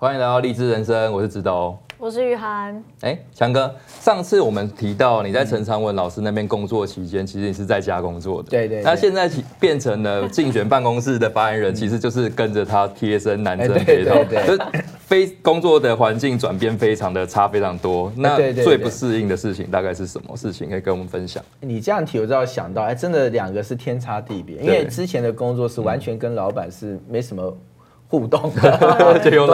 歡迎來到荔枝人生，我是指導、哦，我是余涵。哎，強哥，上次我們提到你在陳長文老師那邊工作期間，其實你是在家工作的。嗯、對，對對。那現在變成了競選辦公室的發言人，其實就是跟着他貼身男生配套，嗯、對對對對，就非工作的環境轉變非常的差，非常多。那最不適應的事情大概是什麼事情？可以跟我們分享？你這樣提，我就要想到，哎，真的兩個是天差地別，哦、因為之前的工作是完全跟老板是沒什麼。互動，都都是用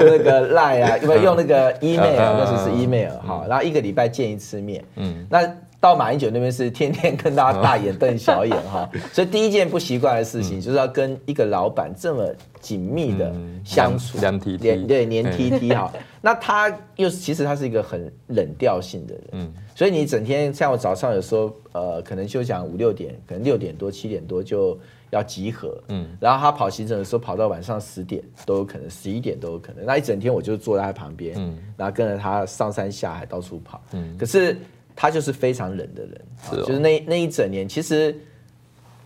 那個 Line 啊，因為用那個 Email，那時是 Email 哈。然後一個禮拜見一次面，嗯，那到馬英九那邊是天天跟大家大眼瞪小眼哈。所以第一件不習慣的事情，就是要跟一個老板這麼緊密的相處，連 TT，對，連 TT 哈。那他又其實他是一個很冷調性的人，所以你整天像我早上有時候，呃，可能休想五六點，可能六點多七點多就。要集合，嗯，然後他跑行程的時候，跑到晚上十點都有可能，十一點都有可能。那一整天我就坐在他旁邊，嗯、然後跟着他上山下海到處跑，嗯。可是他就是非常冷的人，是哦、就是那那一整年，其實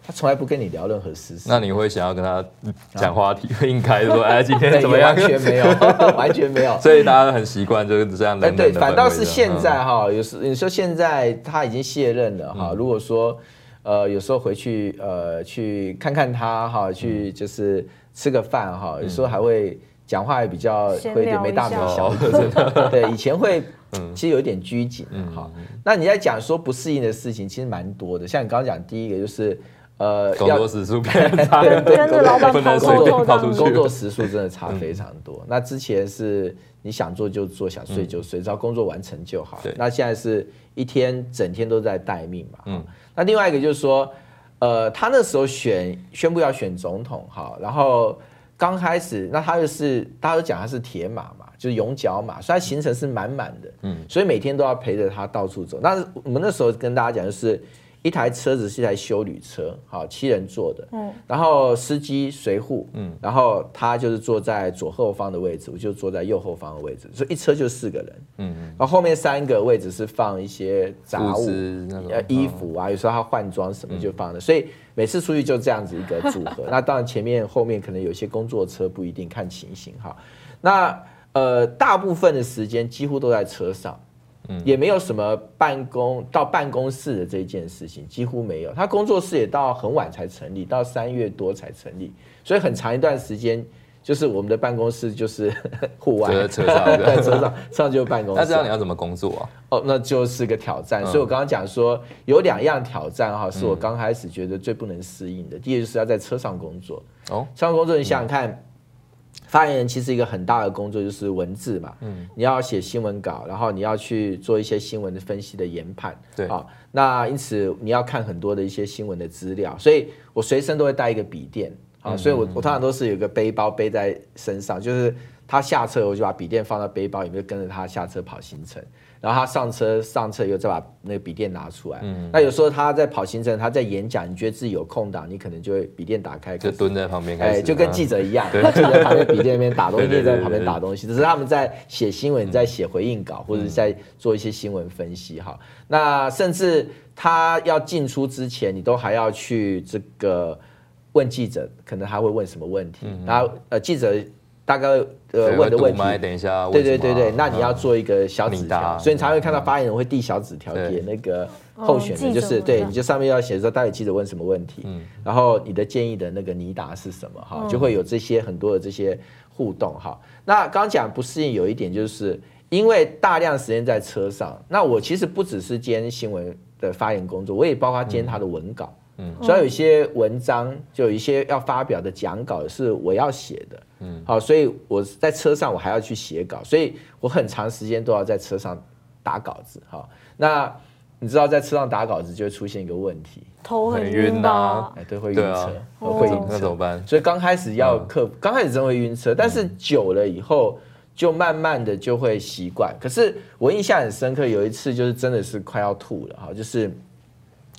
他從來不跟你聊任何私事。那你會想要跟他講話題、啊，應該說，哎，今天怎麼樣？欸、完全沒有，完全沒有。 所以大家都很習慣就是這樣冷冷的、哎。對，反倒是現在哈，哦、有時你說現在他已經卸任了哈，嗯、如果說。呃，有時候回去呃，去看看他哈，去就是吃個飯哈。嗯、有時候還會講話也比較會有點沒大沒小對，哦、對以前會，嗯、其實有一點拘謹，哈、嗯。那你在講說不適應的事情，其實蠻多的。像你剛剛講的第一個就是。呃，工作時數真的差，老闆工作，工作時數真的差非常多。那之前是你想做就做，想睡就睡，只要工作完成就好。那現在是一天整天都在待命嘛。那另外一個就是說，呃，他那時候選宣布要選總統哈，然後剛開始那他就是，大家都講他是鐵馬嘛，就是勇腳馬，所以他行程是滿滿的。嗯，所以每天都要陪着他到處走。那我們那時候跟大家講就是。一台車子是一台休旅車，好，七人坐的，嗯，然後司機隨扈，嗯，然後他就是坐在左後方的位置，我就坐在右後方的位置，所以一車就四個人，嗯，嗯，然後後面三個位置是放一些雜物，呃、啊、衣服啊，哦、有時候他換裝什麼就放的，嗯、所以每次出去就這樣子一個組合。 那當然前面後面可能有些工作車不一定看情形哈。那呃，大部分的時間幾乎都在車上。嗯、也沒有什麼辦公到辦公室的這一件事情，幾乎沒有。他工作室也到很晚才成立，到三月多才成立，所以很長一段時間就是我們的辦公室就是呵呵戶外，在車上， 車上 車上就辦公室。那這樣你要怎麼工作啊？哦，oh, 那就是個挑戰。嗯、所以我剛剛講說有兩樣挑戰哈，是我剛開始覺得最不能適應的。嗯、第一就是要在車上工作，哦，車上工作你想想想看。嗯發言人其實一個很大的工作就是文字嘛，嗯，你要寫新聞稿，然後你要去做一些新聞的分析的研判，對啊、哦，那因此你要看很多的一些新聞的資料，所以我隨身都會帶一個筆電啊，哦、嗯嗯嗯嗯，所以我我通常都是有個背包背在身上，就是他下車我就把筆電放到背包裡面，跟着他下車跑行程。然後他上車，上車又再把那個筆電拿出來。嗯、那有時候他在跑行程，他在演講，你覺得自己有空檔，你可能就會筆電打開，開。就蹲在旁邊。哎、始就跟記者一樣，他就在旁邊筆電那邊打東西，在旁邊打東西。只是他們在寫新聞，在寫回應稿，嗯、或者在做一些新聞分析哈。那甚至他要進出之前，你都還要去這個問記者，可能他會問什麼問題。嗯、然後呃，記者。大概呃對問的問題，等一下，對對對對，嗯、那你要做一個小紙條，達所以你才會看到發言人會遞小紙條給對那個候選人，就是、哦、對，你就上面要寫說到底記者問什麼問題，嗯、然後你的建議的那個擬答是什麼哈，嗯、就會有這些很多的這些互動哈。嗯、那剛講不適應有一點，就是因為大量時間在車上。那我其實不只是兼新聞的發言工作，我也包括兼他的文稿。嗯主要、嗯、有一些文章，就有一些要發表的講稿是我要寫的，嗯，好，所以我在車上我還要去寫稿，所以我很長時間都要在車上打稿子，好，那你知道在車上打稿子就會出現一個問題，頭很暈吶、啊，欸，對，會暈車，啊，哦、會暈車，那怎麼辦？所以剛開始要克剛、嗯、開始真的會暈車，但是久了以後就慢慢的就會習慣。嗯、可是我印象很深刻，有一次就是真的是快要吐了，哈，就是。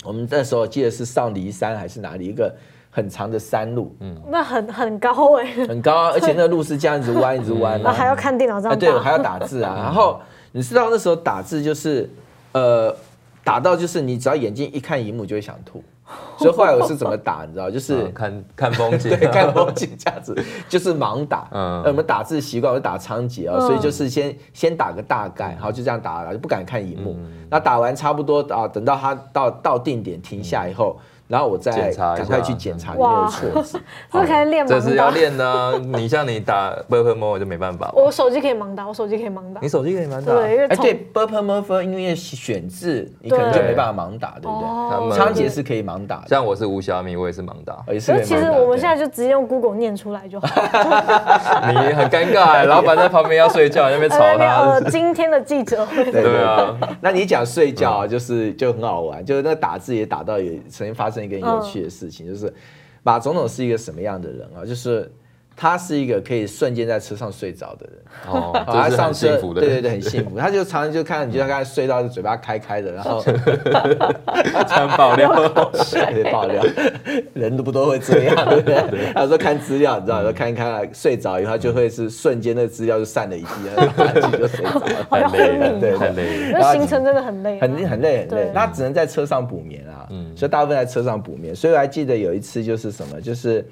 我們那時候記得是上驪山還是哪裡一個很長的山路，嗯，那很很高哎，很高啊，而且那個路是這樣子彎，一直彎，那還要看電腦上，對，還要打字啊。然後你知道那時候打字就是，呃，打到就是你只要眼睛一看螢幕就會想吐。所以後來我是怎麼打，哦、你知道就是、啊、看看風景， 對，看風景這樣子，就是盲打。嗯，那我們打字習慣，我們打倉頡啊，嗯、所以就是先先打個大概，然後就這樣打了，然後就不敢看熒幕。嗯、那打完差不多啊，等到他到到定點停下以後。嗯然後我再趕快去檢查有沒有錯，這肯定練，就是要練呢，你像你打 ㄅㄆㄇㄈ 就沒辦法，我手機可以盲打，我手機可以盲打。你手機可以盲打，對。哎，對 ㄅㄆㄇㄈ 因為選字，你可能就沒辦法盲打，對不對？倉頡是可以盲打，像我是嘸蝦米，我也是盲打，也是。其實我們現在就直接用 Google 念出來就好。你很尷尬，老闆在旁邊要睡覺，那邊吵他。今天的記者對啊，那你講睡覺就是就很好玩，就是那打字也打到也曾經發生。那個有趣的事情、哦、就是，馬總統是一個什麼樣的人啊？就是。他是一個可以瞬間在車上睡着的人哦，幸福的人，他上車對對對，很幸福，他就常常就看，你就像剛才睡到嘴巴開開的，然後常 爆料，對爆料，人都不都會這樣，對不對？對他說看資料，你知道，嗯、說看一看睡着以後就會是瞬間那個資料就散了一地，然後就睡着，太累了，對，對，對，太累了，那行程真的很累，啊，很累很累，很累對他只能在車上補眠啊，嗯，所以大部分在車上補眠，所以我還記得有一次就是什麼就是。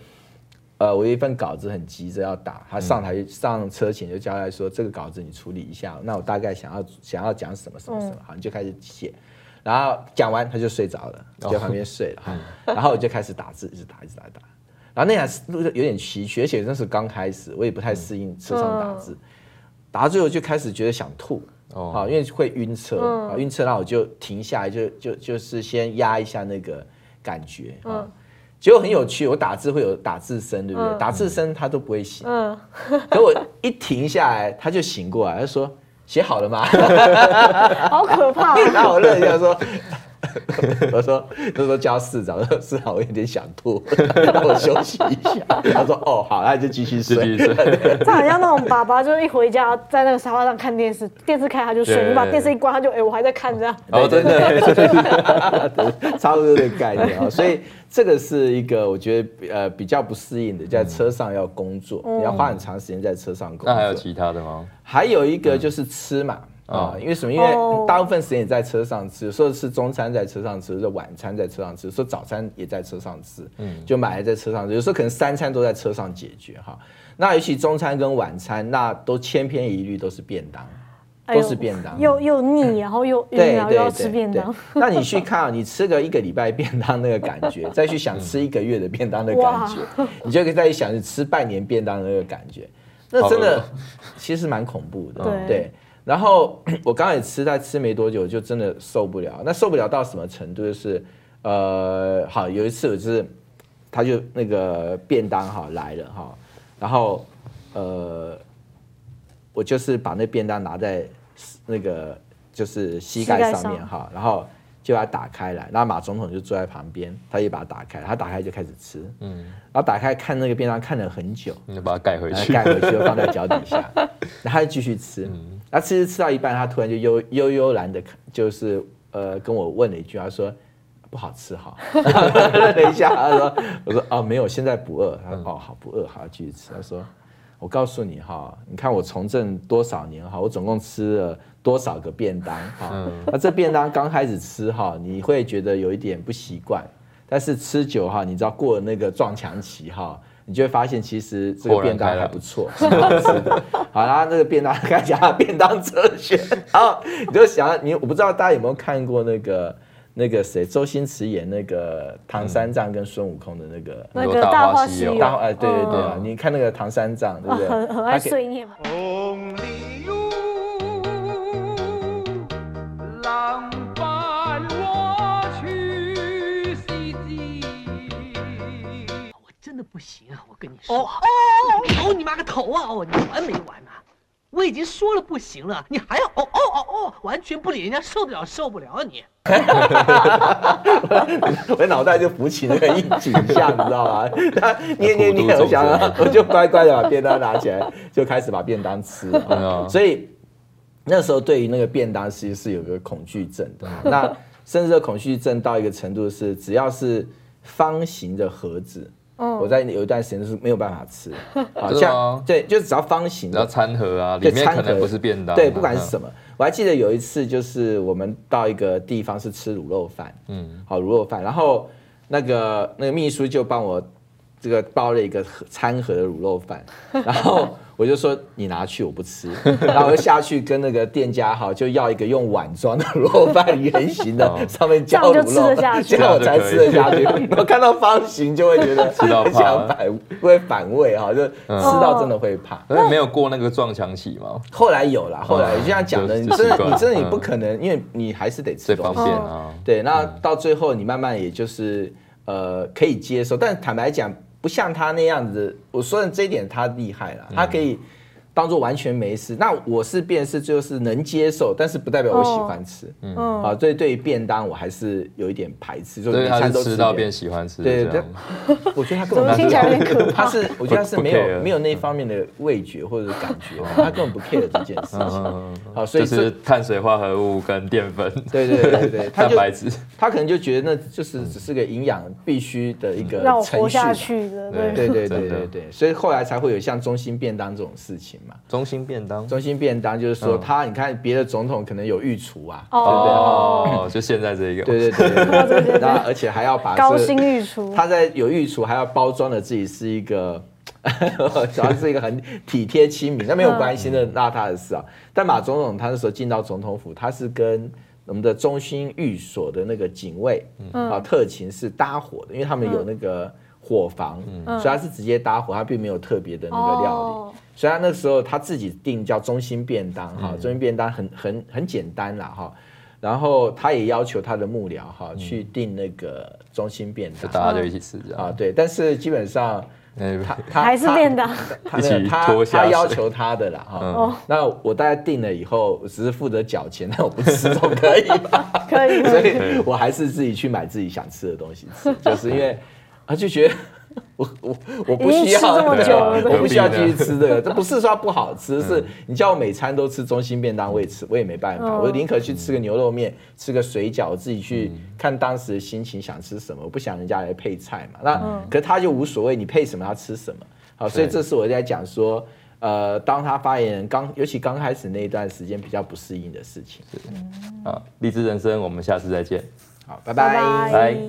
呃，我有一份稿子很急着要打，他上臺上車前就交代說：“這個稿子你處理一下。”那我大概想要想要講什麼什麼什麼，好你就開始寫，然後講完他就睡着了，就在旁邊睡了，然後我就開始打字，一直打，一直打，一直打。然後那台有點崎嶇，而且那是剛開始，我也不太適應車上打字，打到最後就開始覺得想吐，因為會暈車啊，暈車，那我就停下來，就就就是先壓一下那個感覺啊。.結果很有趣，我打字會有打字聲，對不對？嗯、打字聲他都不會醒，嗯、可我一停下來，他就醒過來，他說：“寫好了嗎？” 好可怕，啊！ 然後我樂一下說。 我說，他說叫市長，市長我有點想吐，讓我休息一下。他說哦好，那就繼續睡。好像那種爸爸，就是一回家在那個沙發上看電視，電視開他就睡，你把電視一關，他就哎我還在看這樣。哦，真的，差不多這個概念啊。所以這個是一個我覺得呃比較不適應的，在車上要工作，你要花很長時間在車上工作。那還有其他的嗎？還有一個就是吃嘛。啊、哦，因為什麼？因為大部分時間也在車上吃，有時候是中餐在車上吃，有時候晚餐在車上吃，有時候早餐也在車上吃，嗯，就買了在車上吃，嗯、有時候可能三餐都在車上解決哈。嗯、那尤其中餐跟晚餐，那都千篇一律都是便當，都是便當，哎、又又膩，然後又對對對，要吃便當。 那你去看，你吃個一個禮拜便當那個感覺，再去想吃一個月的便當的感覺，嗯、你就可以再想吃半年便當的那個感覺，那真的了其實蠻恐怖的，嗯、對。然後我剛開始吃，但吃沒多久就真的受不了。那受不了到什麼程度？就是，呃，好，有一次我就是，他就那個便當哈來了哈，然後呃，我就是把那便當拿在那個就是膝蓋上面哈，然後。就把它打開來，然後馬總統就坐在旁邊，他一把他打開，他打開就開始吃，嗯、然後打開看那個便當看了很久，就把它蓋回去，蓋回去就放在腳底下， 然後他就繼續吃，他吃吃吃到一半，他突然就悠悠悠然的，就是呃跟我問了一句，他說不好吃哈， 等一下，他說，我說哦，沒有，現在不餓，他說哦好不餓，好繼續吃，他說。我告訴你哈、哦，你看我從政多少年哈，我總共吃了多少個便當哈。嗯、那這便當剛開始吃哈，你會覺得有一點不習慣，但是吃久哈，你知道過了那個撞牆期哈，你就會發現其實這個便當還不錯。好啦，然後那個便當，剛才講到便當哲學。然後你就想，你我不知道大家有沒有看過那個。那個誰，周星馳演那個唐三藏跟孫悟空的那個《嗯、那個大話西遊》大，哎、啊，對對對啊！哦、你看那個唐三藏，對不對？很很愛碎念。我、哦、真的不行啊！我跟你說，哦你哦，你媽個頭啊！哦，你完沒完、啊？我已經說了不行了，你還要哦哦哦哦，完全不理人家受不了，受得了受不了你？ 我腦袋就浮起那個一景象，你知道吧？他捏捏捏捏，我想我就乖乖的把便當拿起來，就開始把便當吃了。嗯啊。所以那時候對於那個便當其實是有一個恐懼症的，那甚至的恐懼症到一個程度是，只要是方形的盒子。我在有一段時間是沒有辦法吃，好像，對，就是只要方形的，只要餐盒啊，餐盒裡面可能不是便當，對，不管是什麼，嗯、哼我還記得有一次就是我們到一個地方是吃滷肉飯，嗯，好滷肉飯，然後那個那個秘書就幫我。這個包了一個餐盒的滷肉飯，然後我就說你拿去我不吃，然後我就下去跟那個店家哈，就要一個用碗裝的滷肉飯圓形的，上面加滷肉，這樣我吃得下去，我才吃得下去。我看到方形就會覺得非常反，會反胃哈，就吃到真的會怕。所以沒有過那個撞牆期嗎？後來有了，後來就這樣講的，你真的你真的你不可能，因為你還是得吃東西，最方便，對，那到最後你慢慢也就是呃可以接受，但坦白講。不像他那樣子，我說的這一點他厲害了，他可以。嗯當做完全沒事，那我是便是就是能接受，但是不代表我喜歡吃。哦、嗯，啊，所以對於便當，我還是有一點排斥，就都所以他是他吃到變喜歡吃對。對對我覺得他根本他是我覺得他是沒有沒有那方面的味覺或者是感覺，他、嗯嗯、根本不 care 的這件事情。嗯嗯、好，所以是碳水化合物跟澱粉，對，對對對對，他就蛋白質，他可能就覺得那就是只是個營養必須的一個程序讓我活下去對，對對對對對，的所以後來才會有像中心便當這種事情。中心便當，中心便當就是說，他你看別的總統可能有御廚啊，哦，就現在這個，對對對,對，哦、然,然後而且還要把高薪御廚，他在有御廚，還要包裝的自己是一個，主要是一個很體貼親民，那沒有關係那那他的事啊。但馬總統他那時候進到總統府，他是跟我們的中心寓所的那個警衛啊特勤是搭伙的，因為他們有那個。伙房，嗯、所以他是直接搭伙，他並沒有特別的那個料理。哦、所以他那時候他自己訂叫中心便當哈，嗯、中心便當很很很簡單啦。哈。然後他也要求他的幕僚哈去訂那個中心便當，嗯、大家就一起吃啊。對，但是基本上他他還是練的，他他、他、他、他要求他的啦哈。嗯、那我大概訂了以後，我只是負責繳錢，但我不吃總可以吧？ 可以。可以，所以我還是自己去買自己想吃的東西吃，就是因為。他就覺得我我我不需要的，我不需要繼續吃這個，這不是說不好吃，是你叫我每餐都吃中心便當，我也吃，我也沒辦法，我寧可去吃個牛肉麵，吃個水餃，自己去看當時的心情想吃什麼，我不想人家來配菜嘛。那可是他就無所謂，你配什麼他吃什麼。好，所以這是我在講說，呃，當他發言人剛，尤其剛開始那一段時間比較不適應的事情。好，荔枝人生，我們下次再見。好，拜拜。